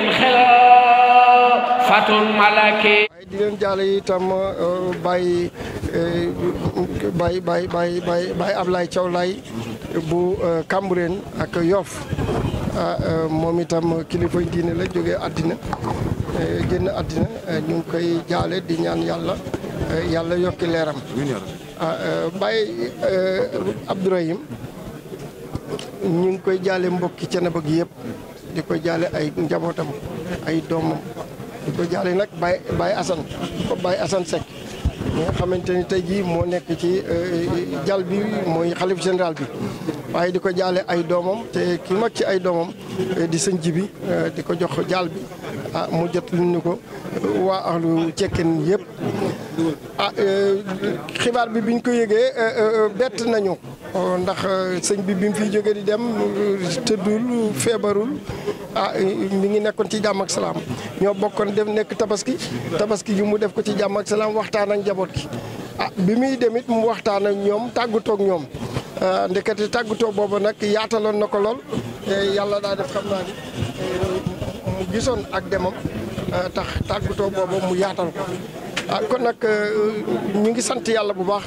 leen xela fatun malaki di jaale itam bàyyi bàyyi bàyyi bàyyi bàyyi bàyyi Ablaye bu euh, Cambérène ak Yoff ah, euh, moom itam kilifa diine la jóge àddina euh, génn àddina ñu ngi koy jaale di ñaan yàlla yàlla yokki leeram ah, Baye Abdourahim ñu ngi koy jaale mbokki Thiénaba gi yëpp di ko jaale ay njabootam ay doomam di ko jaale nag Baye Baye Assane ko Baye Assane Seck ñi nga xamante ni tey jii moo nekk ci eh, eh, jal bi mooy xalif général bi waaye di ko jaale ay doomam te ki ci ay doomam eh, di sëñ ji bi di ko jox jaal bi ah mu jot luñ ñu ko waa ahlu cekkeen yépp ah euh, xibaar bi biñ ko yëgee euh, euh, bett nañu oh, ndax sëñ bi bi mu jógee di dem tëddul feebarul ah mi ngi nekkoon ci jàmm ak salaam ñoo bokkoon def nekk tabaski tabaski gi mu def ko ci jàmm ak salaam waxtaan ak njaboot gi ah bi muy demit mu waxtaan ak ñoom tàggatoog ñoom ah, ndekete tàggatoo boobu nag yaataloon na ko lool yàlla daa def xam naa eh, mu gisoon ak demam eh, tax tàggatoo boobu mu yaatal ko ah kon nag euh, ñu ngi sant yàlla bu baax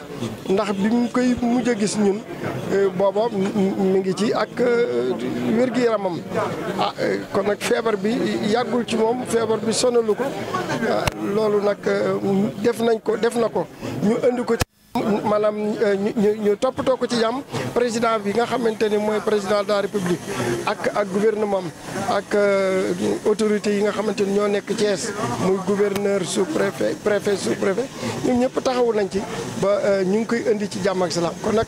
ndax bi mu koy mujj a gis ñun euh, booba mi ngi ci ak euh, wér-gi-yaramam ah kon nag feebar bi yàggul ci moom feebar bi sonalu ko ah, loolu nag def nañ ko def na ko ñu indi ko ci maanaam euh, ñu ñu toppatoo ko ci jàmm président bi nga xamante ni mooy président de république ak ak gouvernement ak euh, autorités yi nga xamante ni ñoo nekk Thiès muy gouverneur sous préfet préfet sous préfet ñun ñëpp taxawu nañ ci ba euh, ñu ngi koy indi ci jàmm ak kon nag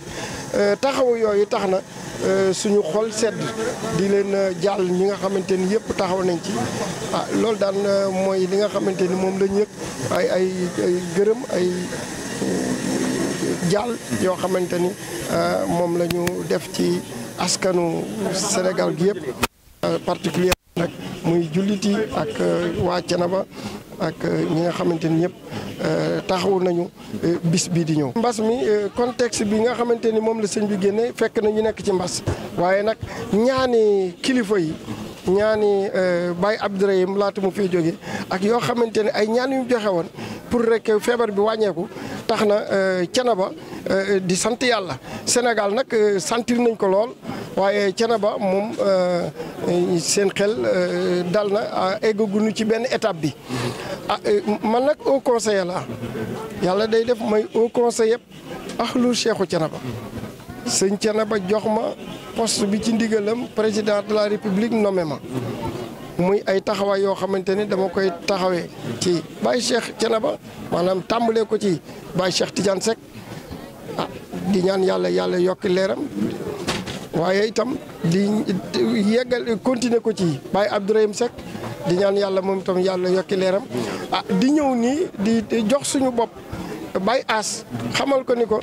taxawu yooyu tax na suñu xol sedd di leen jàll ñi nga xamante ni yëpp taxaw nañ ci ah loolu daan mooy li nga xamante ni moom lañ yëg ay ay ay gërëm ay. jaal yoo xamante ni euh, moom lañu def ci askanu Sénégal gi yëpp euh, particulier nag muy julliti ak euh, na ba ak ñi nga xamante ni ñëpp taxawu nañu bis bii di ñëw. mbas mi contexte bi nga xamante ni moom la sëñ bi génne fekk na ñu nekk ci mbas waaye nag ñaani kilifa yi ñaani Baye Abdourahim laata mu fiy jóge ak yoo xamante ne ay ñaan yu joxe woon pour rek feebar bi wàññeeku. tax na euh, Thiénaba euh, di sant yàlla Sénégal nag euh, sentir nañ ko lool waaye Thiénaba moom seen xel dal na a eggaguñu ci benn étape bi ah man nag haut conseiller la yàlla day def may haut conseiller ahlu Cheikhou Thiénaba sëñ Thiénaba jox ma poste bi ci ndigalam président de la république nommé ma muy ay taxawaay yoo xamante ni dama koy taxawee ci baay Cheikh Thiénaba maanaam tàmbalee ko ci Baye Cheikh Tidiane Seck ah di ñaan yàlla yàlla yokk leeram waaye itam di yeggal continuer ko ci Baye Abdourahim Seck di ñaan yàlla moom itam yàlla yokki leeram ah di ñëw nii di jox suñu bopp Baye As xamal ko ni ko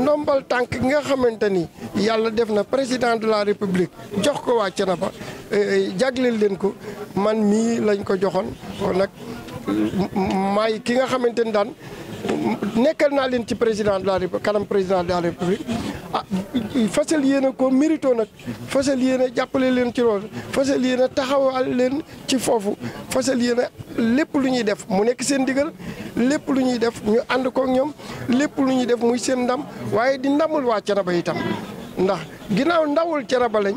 ndombal tànk gi nga xamante ni yàlla def na président de la république jox ko wàcc na ba eh, eh, jagleel leen ko man mii lañ ko joxoon kon nag maay ki nga xamante ni daan nekkal naa leen ci président de la République kanam président de la République ah fasal yéen a ko mérito nag fasal yéen jàppale leen ci loolu fasal yéen taxawal leen ci foofu fasal yéen lépp lu ñuy def mu nekk seen digal lépp lu ñuy def ñu ànd kook ñoom lépp lu ñuy def muy seen ndam waaye di ndamul waa Thiénaba itam ndax ginnaaw ndawul Thiénaba lañ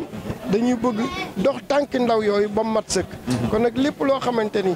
dañuy bëgg dox tànk ndaw yooyu ba mat sëkk kon nag lépp loo xamante ni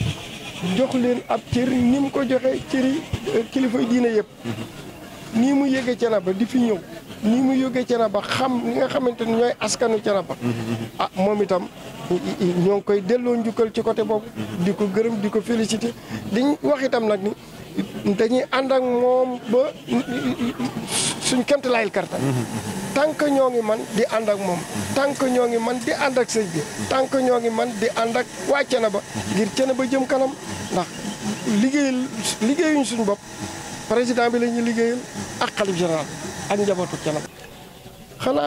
jox leen ab cër ni mu ko joxee cëri euh, kilifa diine yëpp ni mu yëge Thiénaba di fi ñëw ni mu yëge Thiénaba xam li nga xamante ni ñooy askanu Thiénaba a ah, moom itam ñoo ngi koy delloo njukkal ci côté boobu di ko gërëm di ko félicité di wax itam nag ni dañuy and ak mom ba suñu kemt layil karta tank ñongi man di and ak mom tank ñongi man di and ak sëñ bi tank ñongi man di and ak waccena ba ngir ba jëm kanam ndax liggey liggéeyuñ suñu bop président bi lañu liggey liggéeyal ak xalif général ak njabootu Cenaba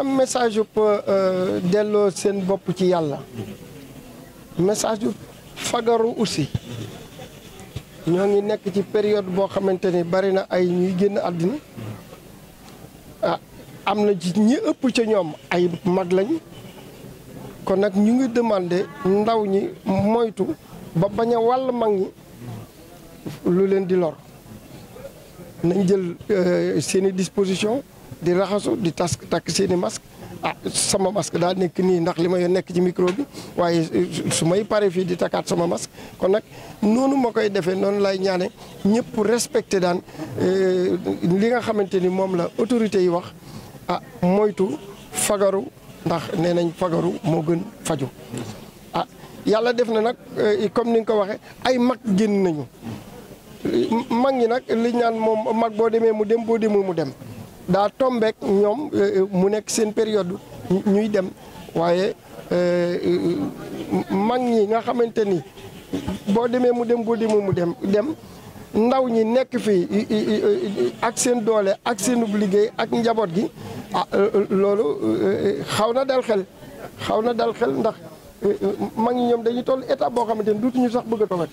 am message euh dello seen bop ci yalla message fagaru aussi ñoo ngi nekk ci période boo xamante ni bari na ay ñuy génn àddina ah am na ci ñi ëpp ca ñoom ay mag lañu kon nag ñu ngi demandé ndaw ñi moytu ba bañ a wàll mag ñi lu leen di lor nañ jël euh, seeni disposition di raxasu di task takk seeni masque Ah, sama masque dal nek ni ndax lima ma yor ci micro bi waye sumay paré pare di takat sama masque kon nunu nonu makoy koy non lay ñaané ñepp respecté euh li nga xamanteni mom la autorité yi wax ah moytu fagaru ndax nenañ fagaru mo gën faju ah yalla def na nak eh, comme ni nga ko waxee ay mag génn nañu eh, mag ñi nak li ñaan mom mag bo démé mu dem bo démé mu dem daa tombeek ñoom euh, euh, mu nekk seen période ñuy dem waaye euh, mag ñi nga xamante ni boo demee mu dem boo demee mu dem dem ndaw ñi nekk fi ak seen doole ak seen liggéey ak njaboot gi ah loolu xaw na dal xel xaw na dal xel ndax mag ñi ñoom dañuy toll état boo xamante ni duutu ñu sax bëgg a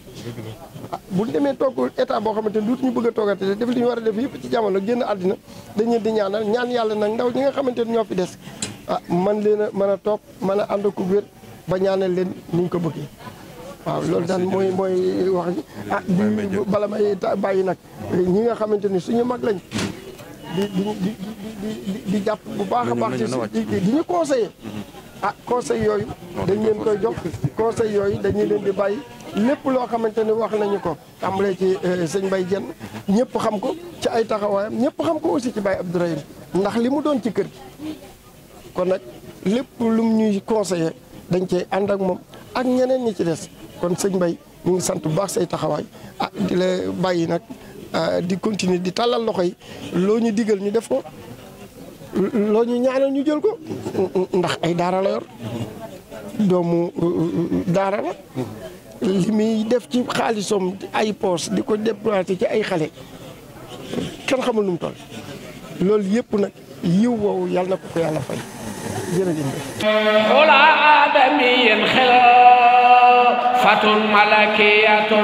bu ñu demee toog état boo xamante ni dootuñu bëgg a toogate def li ñu war a def yëpp ci jamono génn àddina dañu di ñaanal ñaan yàlla nag ndaw ñi nga xamante ni ñoo fi des ah man leen a mën a toog mën a ànd ku wér ba ñaanal leen ni ko bëggee waaw loolu daal mooy mooy wax ji ah di bala may bàyyi nag ñi nga xamante ni suñu mag lañ di di di di di jàpp bu baax a baax ci di ñu conseillé ah conseil yooyu dañ leen koy jox conseil yooyu dañu leen di bàyyi lépp loo xamante ni wax nañu ko tàmbalee ci euh, sëñ Baye Dieng ñëpp xam ko ci ay taxawaayam ñëpp xam ko aussi ci Baye Abdourahim ndax li mu doon ci kër gi kon nag lépp lum ñuy conseillé dañ cey ànd ak moom ak ñeneen ñi ci des kon sëñ mbay mu ngi sant bu baax say taxawaay a ah, di la bàyyi nag ah, di continuer di tàllal loxo yi loo ñu digal ñu def ko loo ñu ñaanal ñu jël ko ndax ay daara la doomu euh, euh, daara li muy def ci xaalisam ay poos di ko déployer ci ay xale kenn xamul nu mu toll loolu yëpp nag yiw woowu yàlla na ko ko yàlla fay jërëjëf xula aadamiyin xel fatun malakiyatun